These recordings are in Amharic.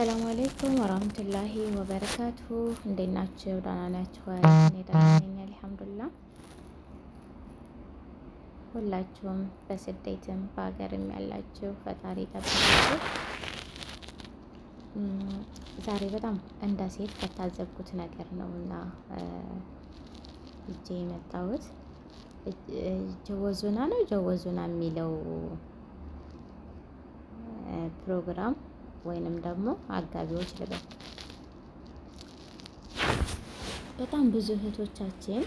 አሰላሙ አሌይኩም ወራህመቱላሂ ወበረካቱሁ። እንዴት ናችሁ? ደህና ናችሁ? እኔ ደህና ነኝ አልሐምዱሊላህ። ሁላችሁም በስደትም በሀገርም ያላችሁ ፈጣሪ ጠብቃችሁ። ዛሬ በጣም እንደ ሴት ከታዘብኩት ነገር ነው እና እጄ የመጣሁት ጀወዙና ነው ጀወዙና የሚለው ፕሮግራም ወይንም ደግሞ አጋቢዎች ልበል። በጣም ብዙ እህቶቻችን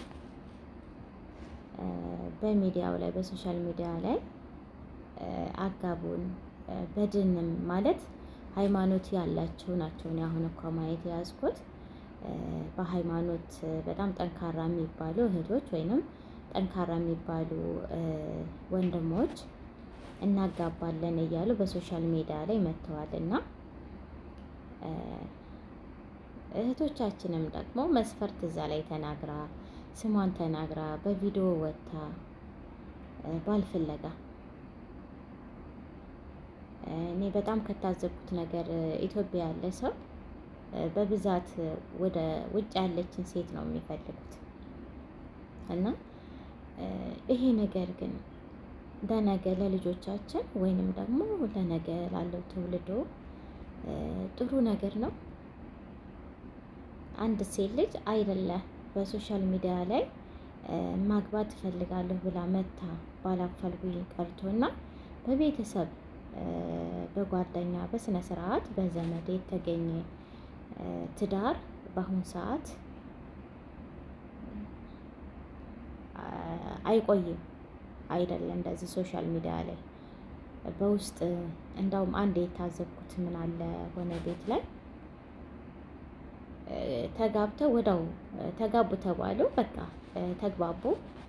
በሚዲያው ላይ በሶሻል ሚዲያ ላይ አጋቡን በድንም ማለት ሃይማኖት ያላቸው ናቸው። እኔ አሁን እኮ ማየት የያዝኩት በሃይማኖት በጣም ጠንካራ የሚባሉ እህቶች ወይንም ጠንካራ የሚባሉ ወንድሞች እናጋባለን እያሉ በሶሻል ሚዲያ ላይ መጥተዋል እና እህቶቻችንም ደግሞ መስፈርት እዛ ላይ ተናግራ ስሟን ተናግራ በቪዲዮ ወጥታ ባልፈለጋ እኔ በጣም ከታዘብኩት ነገር ኢትዮጵያ ያለ ሰው በብዛት ወደ ውጭ ያለችን ሴት ነው የሚፈልጉት እና ይሄ ነገር ግን ለነገ ለልጆቻችን ወይንም ደግሞ ለነገ ላለው ትውልዶ ጥሩ ነገር ነው። አንድ ሴት ልጅ አይደለ በሶሻል ሚዲያ ላይ ማግባት እፈልጋለሁ ብላ መታ ባላፈልጉኝ ቀርቶና በቤተሰብ በጓደኛ በስነ ስርዓት በዘመድ የተገኘ ትዳር በአሁኑ ሰዓት አይቆይም። አይደለም እንደዚህ ሶሻል ሚዲያ ላይ በውስጥ እንዳውም አንድ የታዘብኩት ምን አለ ሆነ ቤት ላይ ተጋብተው ወዳው ተጋቡ ተባሉ። በቃ ተግባቡ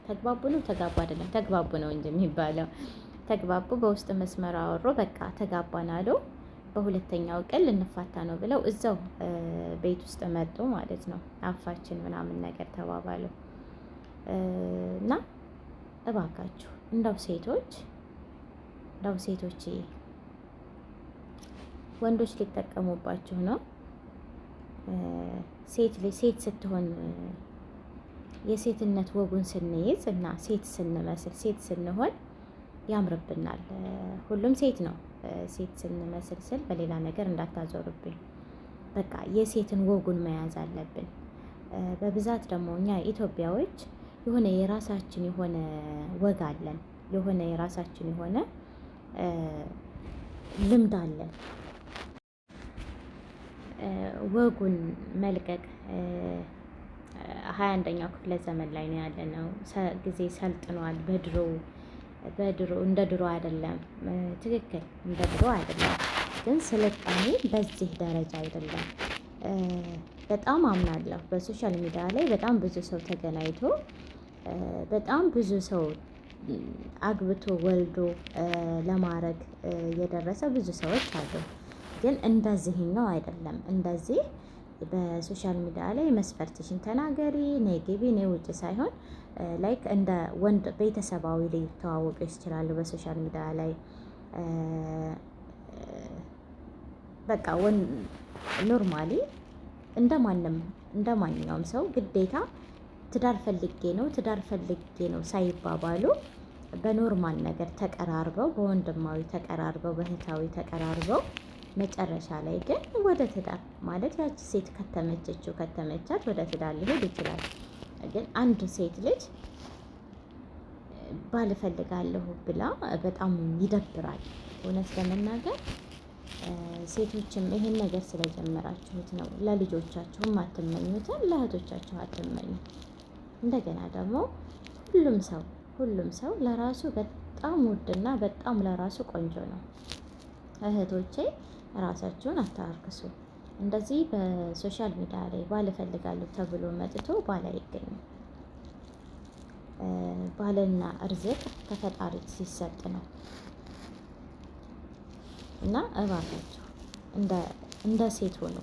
ተግባቡ ነው ተጋቡ አይደለም ተግባቡ ነው እንጂ የሚባለው ተግባቡ። በውስጥ መስመር አወሮ በቃ ተጋባን አሉ። በሁለተኛው ቀን ልንፋታ ነው ብለው እዛው ቤት ውስጥ መጡ ማለት ነው። አፋችን ምናምን ነገር ተባባሉ እና እባካችሁ እንዳው ሴቶች እንዳው ሴቶች ወንዶች ሊጠቀሙባችሁ ነው። ሴት ሴት ስትሆን የሴትነት ወጉን ስንይዝ እና ሴት ስንመስል ሴት ስንሆን ያምርብናል። ሁሉም ሴት ነው። ሴት ስንመስል ስል በሌላ ነገር እንዳታዞርብኝ። በቃ የሴትን ወጉን መያዝ አለብን። በብዛት ደግሞ እኛ ኢትዮጵያዎች የሆነ የራሳችን የሆነ ወግ አለን፣ የሆነ የራሳችን የሆነ ልምድ አለን። ወጉን መልቀቅ ሀያ አንደኛው ክፍለ ዘመን ላይ ነው ያለ ነው። ጊዜ ሰልጥኗል። በድሮ በድሮ እንደ ድሮ አይደለም። ትክክል እንደ ድሮ አይደለም፣ ግን ስልጣኔ በዚህ ደረጃ አይደለም። በጣም አምናለሁ። በሶሻል ሚዲያ ላይ በጣም ብዙ ሰው ተገናኝቶ በጣም ብዙ ሰው አግብቶ ወልዶ ለማረግ የደረሰ ብዙ ሰዎች አሉ። ግን እንደዚህኛው አይደለም። እንደዚህ በሶሻል ሚዲያ ላይ መስፈርትሽን ተናገሪ፣ ነይ ግቢ፣ ውጭ ሳይሆን ላይክ እንደ ወንድ ቤተሰባዊ ሊተዋወቁ ይችላሉ። በሶሻል ሚዲያ ላይ በቃ ኖርማሊ እንደማንም እንደማንኛውም ሰው ግዴታ ትዳር ፈልጌ ነው ትዳር ፈልጌ ነው ሳይባባሉ በኖርማል ነገር ተቀራርበው በወንድማዊ ተቀራርበው በእህታዊ ተቀራርበው መጨረሻ ላይ ግን ወደ ትዳር ማለት ያቺ ሴት ከተመቸችው ከተመቻት ወደ ትዳር ሊሄድ ይችላል። ግን አንድ ሴት ልጅ ባል እፈልጋለሁ ብላ በጣም ይደብራል። እውነት ለመናገር ሴቶችም ይሄን ነገር ስለጀመራችሁት ነው ለልጆቻችሁም አትመኙትን፣ ለእህቶቻችሁ አትመኙ። እንደገና ደግሞ ሁሉም ሰው ሁሉም ሰው ለራሱ በጣም ውድና በጣም ለራሱ ቆንጆ ነው። እህቶቼ ራሳችሁን አታርክሱ። እንደዚህ በሶሻል ሚዲያ ላይ ባል እፈልጋለሁ ተብሎ መጥቶ ባል አይገኝም። ባልና እርዝቅ ከፈጣሪ ሲሰጥ ነው እና እባካችሁ እንደ ሴት ሆኑ።